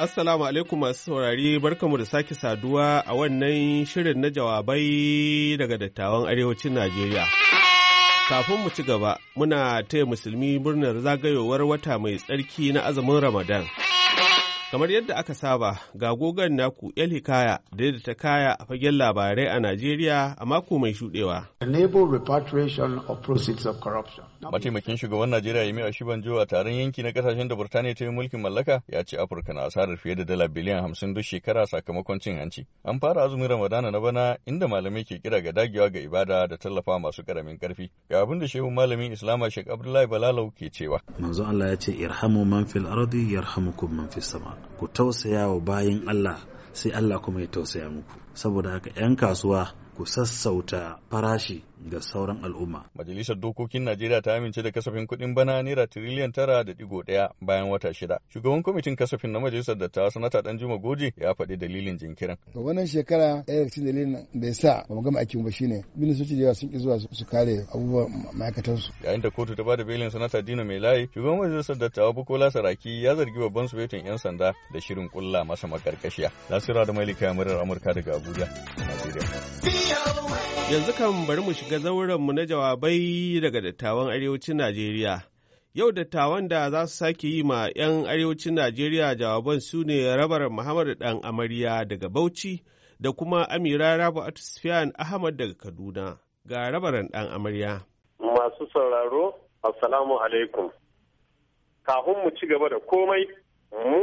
Assalamu alaikum masu saurari barkamu da sake saduwa a wannan shirin na jawabai daga dattawan arewacin Najeriya. Kafin mu ci gaba, muna taya musulmi murnar zagayowar wata mai tsarki na azumin Ramadan. Kamar yadda aka saba, ga gogon naku El Hikaya da yadda ta kaya a fagen labarai a Najeriya a mako mai shudewa. repatriation of of corruption. Mataimakin shugaban Najeriya Yemi Oshibanjo a taron yanki na kasashen da Burtaniya ta yi mulkin mallaka ya ce Afirka na asarar fiye da dala biliyan hamsin duk shekara sakamakon cin hanci. An fara azumin Ramadana na bana inda malamai ke kira ga dagewa ga ibada da tallafa masu karamin karfi. Ga abin da shehun malamin Islama Sheikh Abdullahi Balalau ke cewa. Manzo Allah ya ce irhamu man fil ardi yarhamukum man fis sama. ku tausaya wa bayin Allah sai Allah kuma ya tausaya muku saboda haka 'yan kasuwa ku sassauta farashi ga sauran al'umma. Majalisar Dokokin Najeriya ta amince da kasafin kuɗin bana naira tiriliyan tara da digo ɗaya bayan wata shida. Shugaban kwamitin kasafin na majalisar dattawa sanata Juma Goje ya faɗi dalilin jinkirin. Ga wannan shekara ɗaya da cikin dalilin da ya sa ba mu gama aikin ba shine ministoci da yawa sun ki zuwa su kare abubuwan ma'aikatansu. Yayin da kotu ta bada belin sanata Dino layi, shugaban majalisar dattawa Bukola Saraki ya zargi babban sufetin 'yan sanda da shirin kulla masa makarkashiya. Nasiru da Malika Yamurar Amurka daga Abuja, Najeriya. Yanzu kan bari mu shiga zaurenmu na jawabai daga dattawan arewacin Najeriya. Yau dattawan da za su sake yi ma 'yan arewacin Najeriya jawaban su ne rabar Muhammadu Dan amarya daga Bauchi da kuma Amira Rabu Atisfiyan Ahmad daga Kaduna ga rabaran Dan amarya. Masu sauraro, Assalamu alaikum. Kafin mu ci gaba da komai, mu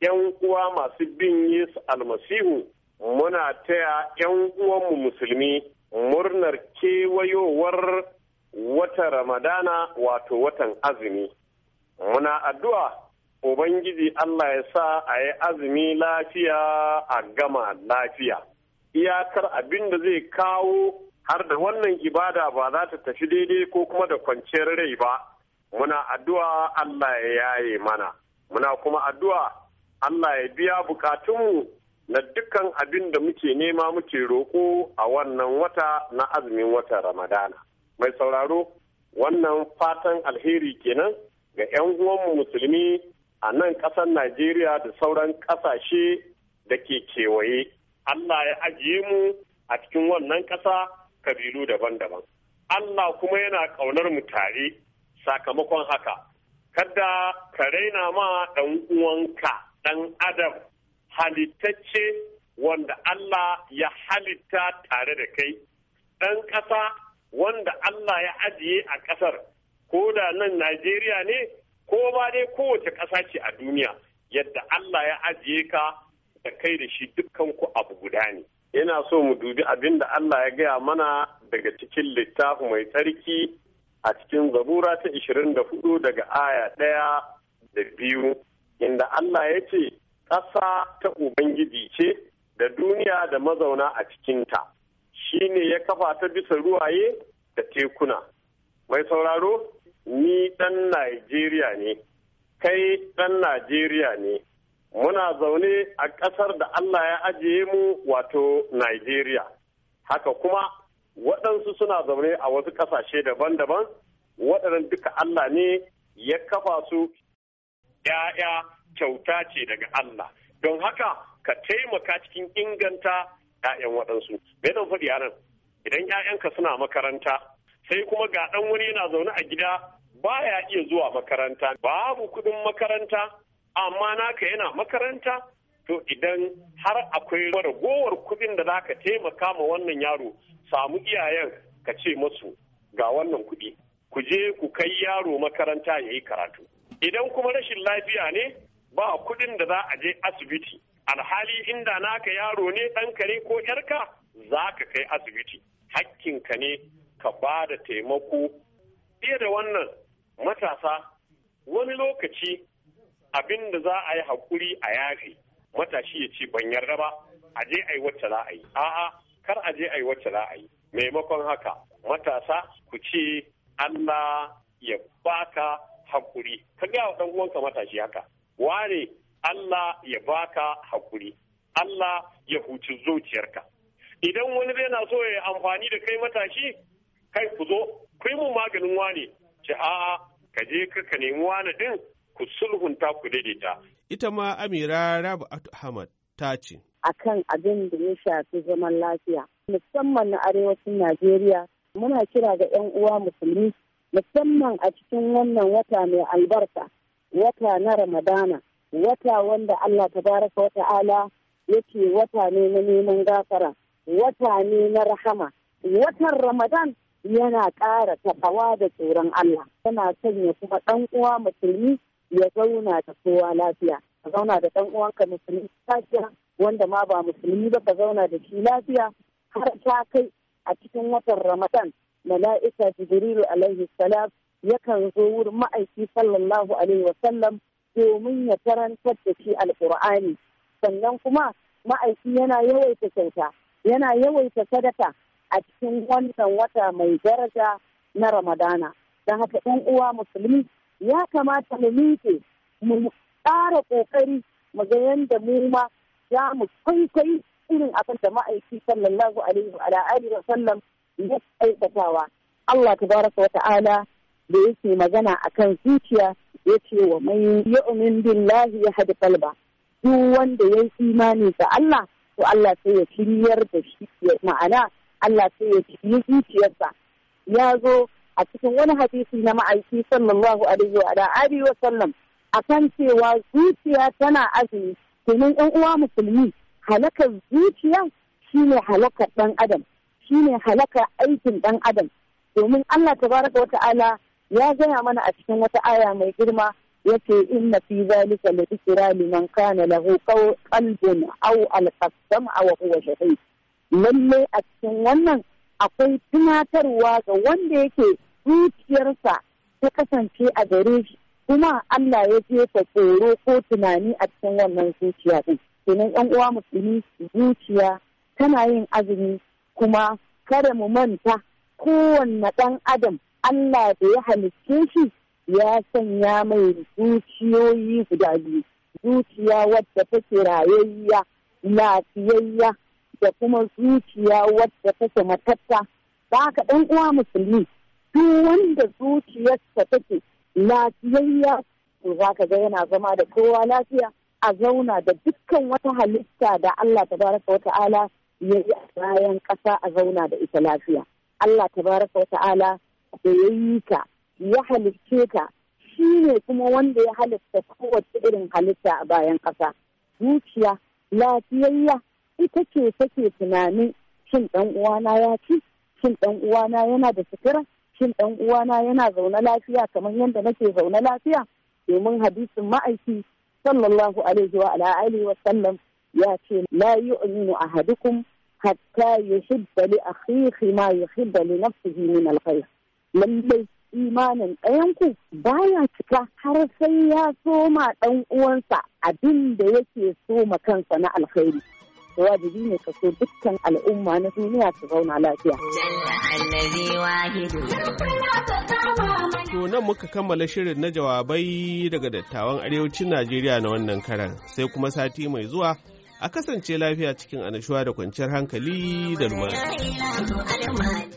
‘yan uwa masu bin Yesu almasihu muna taya 'yan uwanmu musulmi murnar kewayowar wata ramadana wato watan azumi muna addu'a ubangiji allah ya sa a yi azumi lafiya a gama lafiya iyakar abin da zai kawo har da wannan ibada ba za ta tafi daidai ko kuma da kwanciyar rai ba muna addu'a allah ya yaye mana muna kuma addu'a allah ya biya bukatunmu na dukkan abin da muke nema muke roƙo a wannan wata na azumin watan ramadana mai sauraro wannan fatan alheri kenan ga 'yan uwanmu musulmi a nan ƙasar najeriya da sauran ƙasashe da ke kewaye allah ya ajiye mu a cikin wannan ƙasa kabilu daban-daban allah kuma yana ƙaunar mu tare sakamakon haka kada ka raina ma ɗan uwanka ɗan adam halittacce wanda Allah ya halitta tare da kai, ɗan ƙasa wanda Allah ya ajiye a ƙasar, ko da nan Najeriya ne, ko ba dai kowace ƙasa ce a duniya, yadda Allah ya ajiye ka da kai da shi dukkan ku abu guda ne. Yana so mu dubi abin da Allah ya gaya mana daga cikin littafi mai tsarki a cikin zabura ta 24 daga aya ɗaya da biyu, inda Allah ya ce, ƙasa ta Ubangiji ce da duniya da mazauna a cikinta, shi ne ya kafa ta bisa ruwaye da tekuna. Mai sauraro, ni ɗan Najeriya ne, kai ɗan Najeriya ne, muna zaune a ƙasar da Allah ya ajiye mu wato Najeriya. Haka kuma waɗansu suna zaune a wasu ƙasashe daban-daban, waɗannan duka Allah ne ya kafa su ‘ya'ya kyauta ce daga Allah don haka ka taimaka cikin inganta 'ya'yan waɗansu me zan faɗi yaran idan 'ya'yanka suna makaranta sai kuma ga ɗan wani yana zaune a gida baya iya zuwa makaranta babu kuɗin makaranta amma naka yana makaranta to idan har akwai ragowar kuɗin da za ka taimaka ma wannan yaro samu iyayen ka ce masu ga wannan kuɗi ku je ku kai yaro makaranta ya yi karatu idan kuma rashin lafiya ne ba kuɗin da za a je asibiti alhali inda naka yaro ne ɗanka ne ko yarka za ka kai asibiti hakkinka ne ka ba da taimako fiye da wannan matasa wani lokaci abin da za a yi hakuri a yafe matashi ya ce ban yarda ba a je a yi wacce za a yi a'a kar a je a yi wacce za a yi maimakon haka matasa ku ce Allah ya baka haƙuri ka gaya wa ɗan uwanka matashi haka ware Allah ya baka hakuri Allah ya huci zuciyarka idan wani zai na so ya amfani da kai matashi kai ku zo kai mu maganin wane ce a'a ka je ka nemi wane din ku sulhunta ku daidaita ita ma Amira Rabu Ahmad ta ce A kan abin da ya shafi zaman lafiya musamman na arewacin Najeriya muna kira ga 'yan uwa musulmi musamman a cikin wannan wata mai albarka wata na ramadana wata wanda allah tabaraka wa ta'ala yake wata ne na neman gafara wata ne na rahama watan ramadan yana ƙara taɓawa da tsoron allah yana sanya kuma ɗan uwa musulmi ya zauna da kowa lafiya ka zauna da ɗan uwanka musulmi lafiya wanda ma ba musulmi ba ka zauna da shi lafiya har ta kai a cikin watan ramadan mala'ika jibrilu alaihi salam yakan zo wurin ma'aiki sallallahu alaihi wasallam domin ya karantar da shi alƙur'ani sannan kuma ma'aiki yana yawaita kyauta yana yawaita sadaka a cikin wannan wata mai daraja na ramadana don haka ɗan uwa musulmi ya kamata mu miƙe mu ƙara ƙoƙari mu ga yadda mu ma za mu kwaikwayi irin abin da ma'aiki sallallahu alaihi wa sallam duk aikatawa Allah tabaraka wa ta'ala da yake magana akan zuciya ya ce wa man yu'min billahi yahdi kalba duk wanda yayi imani ga Allah to Allah sai ya kiriyar da shi ma'ana Allah sai ya shirye zuciyarsa ya zo a cikin wani hadisi na ma'aiki sallallahu alaihi wa alihi wa sallam akan cewa zuciya tana azumi domin 'yan uwa musulmi halakar zuciya shine halakar ɗan adam shine halaka aikin ɗan adam domin Allah tabaraka Wata ta'ala ya gaya mana a cikin wata aya mai girma yace inna fi zalika la dhikra liman kana lahu qalbun aw al-qasam aw huwa shahid lalle a cikin wannan akwai tunatarwa ga wanda yake zuciyarsa ta kasance a gare shi kuma Allah ya je jefa tsoro ko tunani a cikin wannan zuciya din kenan yan uwa musulmi zuciya tana yin azumi kuma kada mu manta kowanne ɗan adam Allah da ya halicce shi ya sanya mai zuciyoyi guda biyu zuciya wadda take rayayya lafiyayya da kuma zuciya wadda take matatta ba ka ɗan uwa musulmi duk wanda zuciyarsa take lafiyayya to za ka ga yana zama da kowa lafiya a zauna da dukkan wata halitta da Allah tabaraka wa ta'ala ya yi a bayan ƙasa a zauna da ita lafiya. Allah Ta Baraka wa ta'ala da ya yi ka ya halicce ka shi ne kuma wanda ya halitta kowace irin halitta a bayan ƙasa. Zuciya lafiyayya ita ce take tunanin shin ɗan uwana ya ci shin ɗan uwana yana da sutura shin ɗan uwana yana zaune lafiya kamar yadda nake zaune lafiya domin hadisin ma'aiki sallallahu alaihi wa wa sallam ya ce la a hadukun hatta shidda li akhihi ma shidda li nafsihi min alkhair lallai imanin ɗayanku baya cika har sai ya soma ɗan uwansa abin da yake soma kansa na alkhairi wajibi ne ka so dukkan al'umma na duniya su zauna lafiya. To nan muka kammala shirin na jawabai daga dattawan arewacin Najeriya na wannan karan sai kuma sati mai zuwa a kasance lafiya cikin anashuwa da kwanciyar hankali da lumana.